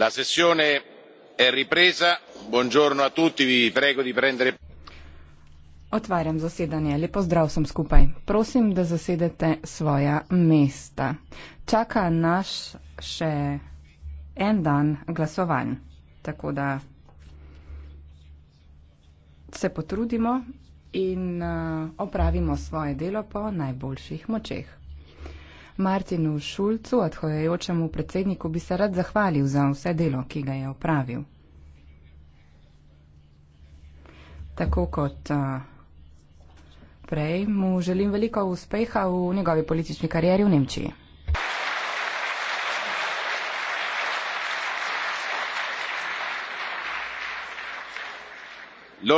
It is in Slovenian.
la sessione è ripresa buongiorno a tutti vi prego di prendere Otvaram zasedanje. Lep pozdrav sem skupaj. Prosim, da zasedete svoja mesta. Čaka naš še en dan glasovanj, tako da se potrudimo in eh, opravimo svoje delo po najboljših močeh. Martinu Šulcu, odhojajočemu predsedniku, bi se rad zahvalil za vse delo, ki ga je opravil. Tako kot uh, prej, mu želim veliko uspeha v njegovi politični karieri v Nemčiji.